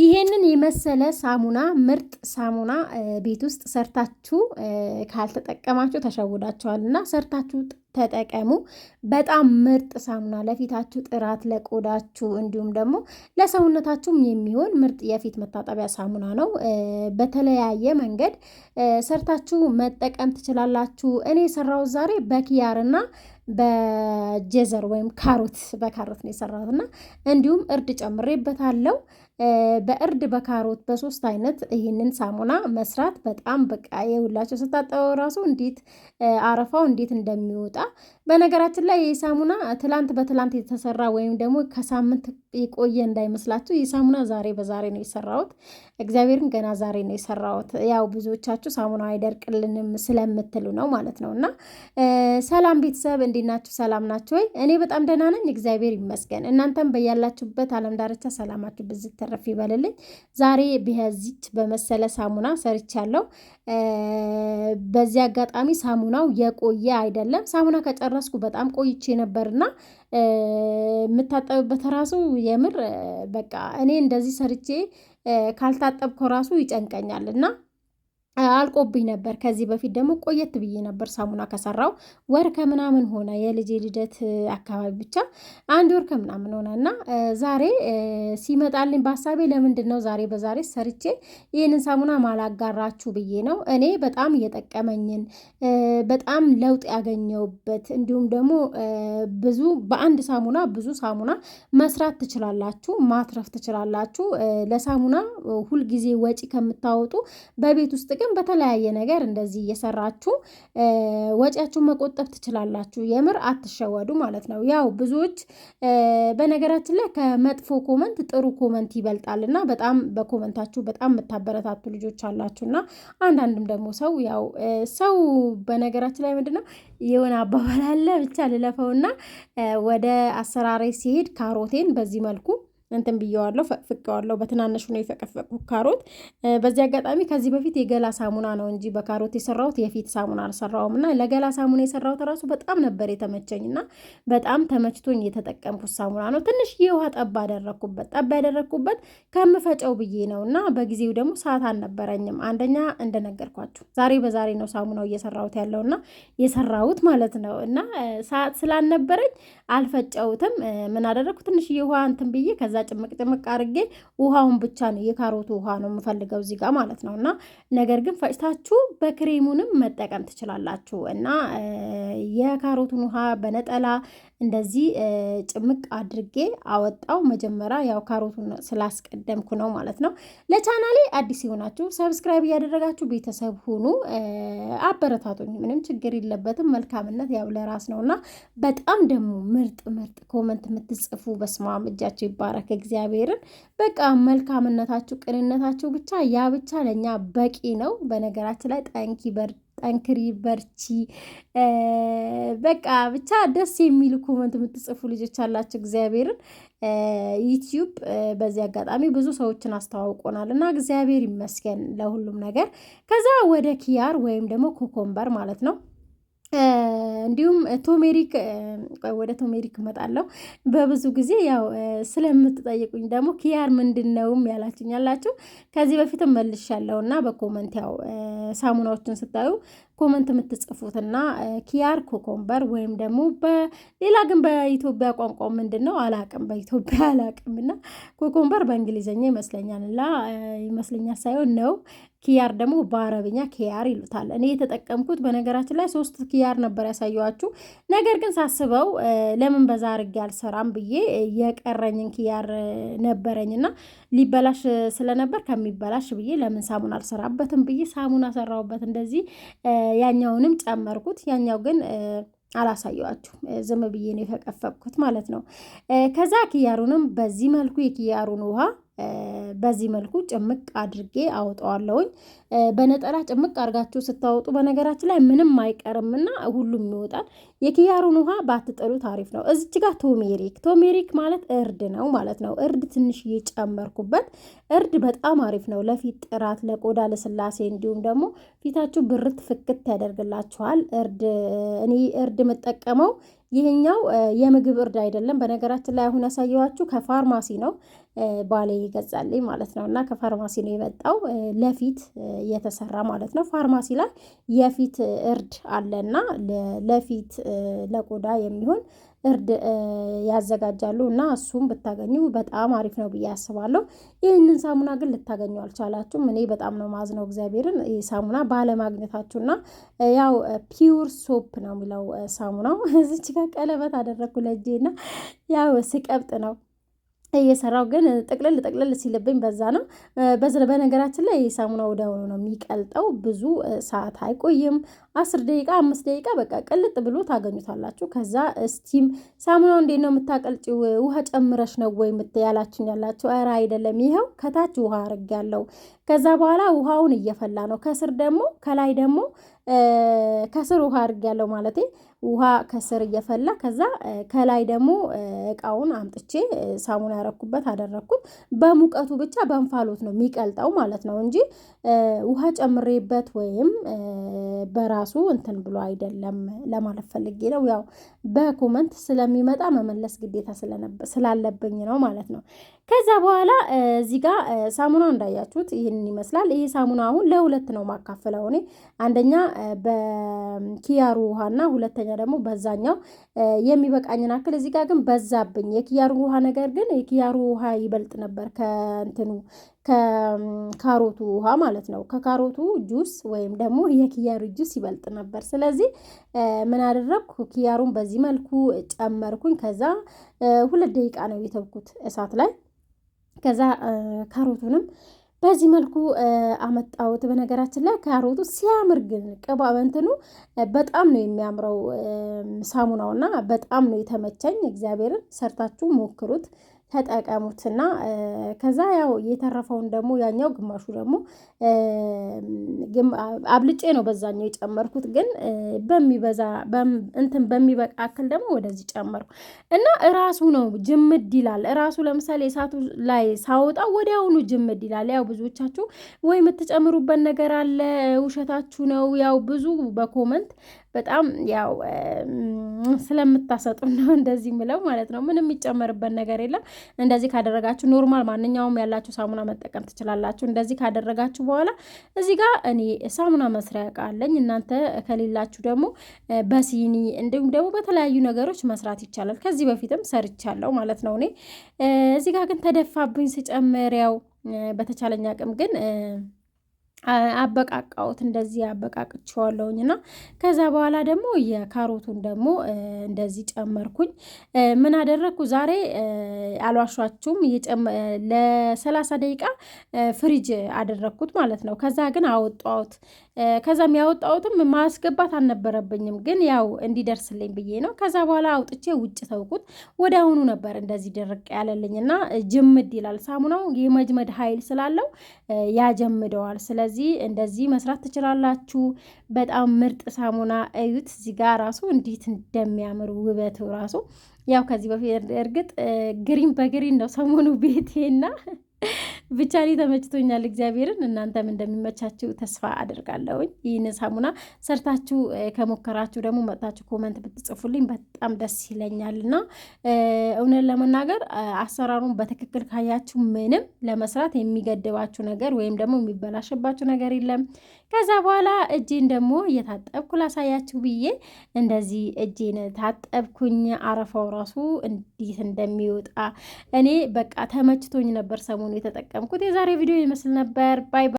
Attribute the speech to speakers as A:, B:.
A: ይሄንን የመሰለ ሳሙና ምርጥ ሳሙና ቤት ውስጥ ሰርታችሁ ካልተጠቀማችሁ ተሸውዳችኋል እና ሰርታችሁ ተጠቀሙ። በጣም ምርጥ ሳሙና ለፊታችሁ ጥራት፣ ለቆዳችሁ እንዲሁም ደግሞ ለሰውነታችሁም የሚሆን ምርጥ የፊት መታጠቢያ ሳሙና ነው። በተለያየ መንገድ ሰርታችሁ መጠቀም ትችላላችሁ። እኔ የሰራው ። ዛሬ በኪያርና በጀዘር ወይም ካሮት በካሮት ነው የሰራሁት እና እንዲሁም እርድ ጨምሬበታለሁ። በእርድ በካሮት በሶስት አይነት ይህንን ሳሙና መስራት በጣም በቃ የሁላቸው ስታጠበው ራሱ እንዴት አረፋው እንዴት እንደሚወጣ በነገራችን ላይ ይህ ሳሙና ትላንት በትላንት የተሰራ ወይም ደግሞ ከሳምንት የቆየ እንዳይመስላችሁ ይህ ሳሙና ዛሬ በዛሬ ነው የሰራሁት። እግዚአብሔርን ገና ዛሬ ነው የሰራሁት። ያው ብዙዎቻችሁ ሳሙና አይደርቅልንም ስለምትሉ ነው ማለት ነው። እና ሰላም ቤተሰብ እንዴት ናችሁ? ሰላም ናችሁ ወይ? እኔ በጣም ደህና ነኝ፣ እግዚአብሔር ይመስገን። እናንተም በያላችሁበት ዓለም ዳርቻ ሰላማችሁ ብዝት ተረፍ ይበልልኝ። ዛሬ በዚች በመሰለ ሳሙና ሰርቻለሁ። በዚህ አጋጣሚ ሳሙናው የቆየ አይደለም። ሳሙና ከጨረስኩ በጣም ቆይቼ ነበርና የምታጠብበት ራሱ የምር በቃ እኔ እንደዚህ ሰርቼ ካልታጠብኩ ራሱ ይጨንቀኛል እና አልቆብኝ ነበር። ከዚህ በፊት ደግሞ ቆየት ብዬ ነበር ሳሙና ከሰራው ወር ከምናምን ሆነ፣ የልጅ ልደት አካባቢ ብቻ አንድ ወር ከምናምን ሆነ እና ዛሬ ሲመጣልኝ በሀሳቤ ለምንድን ነው ዛሬ በዛሬ ሰርቼ ይህንን ሳሙና ማላጋራችሁ ብዬ ነው። እኔ በጣም እየጠቀመኝን በጣም ለውጥ ያገኘውበት እንዲሁም ደግሞ ብዙ በአንድ ሳሙና ብዙ ሳሙና መስራት ትችላላችሁ፣ ማትረፍ ትችላላችሁ። ለሳሙና ሁልጊዜ ወጪ ከምታወጡ በቤት ውስጥ ግን በተለያየም በተለያየ ነገር እንደዚህ እየሰራችሁ ወጪያችሁን መቆጠብ ትችላላችሁ። የምር አትሸወዱ ማለት ነው። ያው ብዙዎች በነገራችን ላይ ከመጥፎ ኮመንት ጥሩ ኮመንት ይበልጣል እና በጣም በኮመንታችሁ በጣም የምታበረታቱ ልጆች አላችሁ እና አንዳንድም ደግሞ ሰው ያው ሰው በነገራችን ላይ ምንድነው የሆነ አባባል አለ ብቻ ልለፈውና ወደ አሰራሬ ሲሄድ ካሮቴን በዚህ መልኩ እንትን ብየዋለሁ፣ ዋለው በትናንሹ ነው የፈቀፈቅኩት ካሮት። በዚህ አጋጣሚ ከዚህ በፊት የገላ ሳሙና ነው እንጂ በካሮት የሰራሁት የፊት ሳሙና አልሰራውም እና ለገላ ሳሙና የሰራሁት ራሱ በጣም ነበር የተመቸኝ እና በጣም ተመችቶኝ የተጠቀምኩት ሳሙና ነው። ትንሽዬ ውሃ ጠብ ያደረግኩበት ጠብ ያደረግኩበት ከምፈጨው ብዬ ነው እና በጊዜው ደግሞ ሰዓት አልነበረኝም። አንደኛ እንደነገርኳችሁ ዛሬ በዛሬ ነው ሳሙናው እየሰራሁት ያለውና የሰራሁት ማለት ነው እና ሰዓት ስላልነበረኝ አልፈጨውትም ምን አደረግኩ? ትንሽ ውሃ እንትን ብዬ ከዛ ጭምቅ ጭምቅ አድርጌ ውሃውን ብቻ ነው የካሮቱ ውሃ ነው የምፈልገው እዚህ ጋር ማለት ነው። እና ነገር ግን ፈጭታችሁ በክሬሙንም መጠቀም ትችላላችሁ። እና የካሮቱን ውሃ በነጠላ እንደዚህ ጭምቅ አድርጌ አወጣው። መጀመሪያ ያው ካሮቱን ስላስቀደምኩ ነው ማለት ነው። ለቻናሌ አዲስ የሆናችሁ ሰብስክራይብ እያደረጋችሁ ቤተሰብ ሁኑ፣ አበረታቱኝ። ምንም ችግር የለበትም። መልካምነት ያው ለራስ እና በጣም ደግሞ ምርጥ ምርጥ ኮመንት የምትጽፉ በስማም እጃቸው ይባረክ። እግዚአብሔርን በቃ መልካምነታችሁ፣ ቅንነታችሁ ብቻ ያ ብቻ ለእኛ በቂ ነው። በነገራችን ላይ ጠንኪ በር ጠንክሪ በርቺ፣ በቃ ብቻ ደስ የሚል ኮመንት የምትጽፉ ልጆች አላቸው። እግዚአብሔርን ዩትዩብ በዚህ አጋጣሚ ብዙ ሰዎችን አስተዋውቆናል እና እግዚአብሔር ይመስገን ለሁሉም ነገር። ከዛ ወደ ኪያር ወይም ደግሞ ኮኮምበር ማለት ነው እንዲሁም ቶሜሪክ ወደ ቶሜሪክ እመጣለሁ። በብዙ ጊዜ ያው ስለምትጠይቁኝ ደግሞ ኪያር ምንድን ነውም ያላችሁኝ ያላችሁ ከዚህ በፊትም መልሻለሁ እና በኮመንት ያው ሳሙናዎችን ስታዩ ኮመንት የምትጽፉትና ኪያር ኮኮምበር ወይም ደግሞ በሌላ ግን በኢትዮጵያ ቋንቋ ምንድን ነው አላቅም፣ በኢትዮጵያ አላቅም። እና ኮኮምበር በእንግሊዝኛ ይመስለኛል ላ ይመስለኛል ሳይሆን ነው። ኪያር ደግሞ በአረብኛ ኪያር ይሉታል። እኔ የተጠቀምኩት በነገራችን ላይ ሶስት ኪያር ነበር ያሳየኋችሁ። ነገር ግን ሳስበው ለምን በዛ አድርጌ አልሰራም ብዬ የቀረኝን ኪያር ነበረኝና ሊበላሽ ስለነበር ከሚበላሽ ብዬ ለምን ሳሙን አልሰራበትም ብዬ ሳሙን አሰራሁበት እንደዚህ ያኛውንም ጨመርኩት። ያኛው ግን አላሳየዋችሁ ዝም ብዬ ነው የፈቀፈቅኩት ማለት ነው። ከዛ ኪያሩንም በዚህ መልኩ የኪያሩን ውሃ በዚህ መልኩ ጭምቅ አድርጌ አውጠዋለሁኝ። በነጠላ ጭምቅ አድርጋችሁ ስታወጡ በነገራችን ላይ ምንም አይቀርምና ሁሉም ይወጣል። የኪያሩን ውሃ ባትጠሉት አሪፍ ነው። እዚች ጋር ቶሜሪክ ቶሜሪክ ማለት እርድ ነው ማለት ነው። እርድ ትንሽ የጨመርኩበት እርድ በጣም አሪፍ ነው ለፊት ጥራት፣ ለቆዳ ልስላሴ እንዲሁም ደግሞ ፊታችሁ ብርት ፍክት ያደርግላችኋል። እርድ እኔ እርድ የምጠቀመው ይህኛው የምግብ እርድ አይደለም። በነገራችን ላይ አሁን ያሳየኋችሁ ከፋርማሲ ነው፣ ባሌ ይገዛልኝ ማለት ነው። እና ከፋርማሲ ነው የመጣው ለፊት የተሰራ ማለት ነው። ፋርማሲ ላይ የፊት እርድ አለና ለፊት ለቆዳ የሚሆን እርድ ያዘጋጃሉ እና እሱም ብታገኙ በጣም አሪፍ ነው ብዬ አስባለሁ። ይህንን ሳሙና ግን ልታገኙ አልቻላችሁም። እኔ በጣም ነው ማዝነው እግዚአብሔርን ይህ ሳሙና ባለማግኘታችሁ እና ያው ፒውር ሶፕ ነው የሚለው ሳሙናው። እዚች ጋር ቀለበት አደረግኩ ለእጄ እና ያው ስቀብጥ ነው እየሰራው ግን ጥቅልል ጥቅልል ሲልብኝ በዛ ነው። በነገራችን ላይ ሳሙና ወደ ሆኖ ነው የሚቀልጠው። ብዙ ሰዓት አይቆይም። አስር ደቂቃ አምስት ደቂቃ በቃ ቅልጥ ብሎ ታገኙታላችሁ። ከዛ እስቲም ሳሙናው እንዴት ነው የምታቀልጭው? ውሃ ጨምረሽ ነው ወይ ያላችሁኝ ያላችሁ፣ ኧረ አይደለም፣ ይኸው ከታች ውሃ አርግ ያለው ከዛ በኋላ ውሃውን እየፈላ ነው። ከስር ደግሞ ከላይ ደግሞ ከስር ውሃ አድርጌያለሁ ማለት ውሃ ከስር እየፈላ ከዛ ከላይ ደግሞ እቃውን አምጥቼ ሳሙና ያረኩበት አደረግኩት። በሙቀቱ ብቻ በእንፋሎት ነው የሚቀልጠው ማለት ነው እንጂ ውሃ ጨምሬበት ወይም በራሱ እንትን ብሎ አይደለም ለማለት ፈልጌ ነው። ያው በኮመንት ስለሚመጣ መመለስ ግዴታ ስላለብኝ ነው ማለት ነው። ከዛ በኋላ እዚህ ጋ ሳሙና እንዳያችሁት ይህንን ይመስላል። ይህ ሳሙና አሁን ለሁለት ነው ማካፈለው እኔ አንደኛ በኪያሩ ውሃና ሁለተኛ ደግሞ በዛኛው የሚበቃኝን አክል እዚህ ጋ ግን በዛብኝ የኪያሩ ውሃ ነገር ግን የኪያሩ ውሃ ይበልጥ ነበር ከእንትኑ ከካሮቱ ውሃ ማለት ነው። ከካሮቱ ጁስ ወይም ደግሞ የኪያሩ ጁስ ይበልጥ ነበር። ስለዚህ ምን አደረግኩ? ኪያሩን በዚህ መልኩ ጨመርኩኝ። ከዛ ሁለት ደቂቃ ነው የተብኩት እሳት ላይ ከዛ ካሮቱንም በዚህ መልኩ አመጣሁት። በነገራችን ላይ ካሮቱ ሲያምር ግን ቅባ በጣም ነው የሚያምረው ሳሙናውና በጣም ነው የተመቸኝ። እግዚአብሔርን ሰርታችሁ ሞክሩት ተጠቀሙት እና ከዛ ያው የተረፈውን ደግሞ ያኛው ግማሹ ደግሞ አብልጬ ነው በዛኛው የጨመርኩት፣ ግን በሚበዛ እንትን በሚበቃ አክል ደግሞ ወደዚህ ጨመርኩ እና እራሱ ነው ጅምድ ይላል። እራሱ ለምሳሌ እሳቱ ላይ ሳወጣ ወዲያውኑ ጅምድ ይላል። ያው ብዙዎቻችሁ ወይ የምትጨምሩበት ነገር አለ ውሸታችሁ ነው ያው ብዙ በኮመንት በጣም ያው ስለምታሰጡ ነው እንደዚህ ምለው ማለት ነው። ምንም የሚጨመርበት ነገር የለም። እንደዚህ ካደረጋችሁ ኖርማል ማንኛውም ያላችሁ ሳሙና መጠቀም ትችላላችሁ። እንደዚህ ካደረጋችሁ በኋላ እዚህ ጋር እኔ ሳሙና መስሪያ እቃ አለኝ፣ እናንተ ከሌላችሁ ደግሞ በሲኒ እንዲሁም ደግሞ በተለያዩ ነገሮች መስራት ይቻላል። ከዚህ በፊትም ሰርቻለሁ ማለት ነው እኔ እዚህ ጋር ግን ተደፋብኝ ስጨምር ያው በተቻለኝ አቅም ግን አበቃቃውት እንደዚህ አበቃቅቸዋለሁኝ እና ከዛ በኋላ ደግሞ የካሮቱን ደግሞ እንደዚህ ጨመርኩኝ። ምን አደረግኩ ዛሬ አልዋሿችሁም፣ ለሰላሳ ደቂቃ ፍሪጅ አደረግኩት ማለት ነው። ከዛ ግን አወጣሁት። ከዛም ያወጣሁትም ማስገባት አልነበረብኝም፣ ግን ያው እንዲደርስልኝ ብዬ ነው። ከዛ በኋላ አውጥቼ ውጭ ተውኩት። ወደ አሁኑ ነበር እንደዚህ ደረቅ ያለልኝ እና ጅምድ ይላል ሳሙናው የመጅመድ ኃይል ስላለው ያጀምደዋል። ስለዚህ ስለዚህ እንደዚህ መስራት ትችላላችሁ። በጣም ምርጥ ሳሙና እዩት። እዚህ ጋር ራሱ እንዴት እንደሚያምር ውበቱ ራሱ ያው ከዚህ በፊት እርግጥ ግሪን በግሪን ነው ሰሞኑ ቤቴና ብቻ እኔ ተመችቶኛል። እግዚአብሔርን እናንተም እንደሚመቻችው ተስፋ አድርጋለሁኝ። ይህን ሳሙና ሰርታችሁ ከሞከራችሁ ደግሞ መጥታችሁ ኮመንት ብትጽፉልኝ በጣም ደስ ይለኛል እና እውነት ለመናገር አሰራሩን በትክክል ካያችሁ ምንም ለመስራት የሚገድባችሁ ነገር ወይም ደግሞ የሚበላሽባችሁ ነገር የለም። ከዛ በኋላ እጄን ደግሞ እየታጠብኩ ላሳያችሁ ብዬ እንደዚህ እጄን ታጠብኩኝ። አረፋው ራሱ እንዴት እንደሚወጣ እኔ በቃ ተመችቶኝ ነበር ሰሞኑ የተጠቀምኩት። የዛሬ ቪዲዮ ይመስል ነበር። ባይ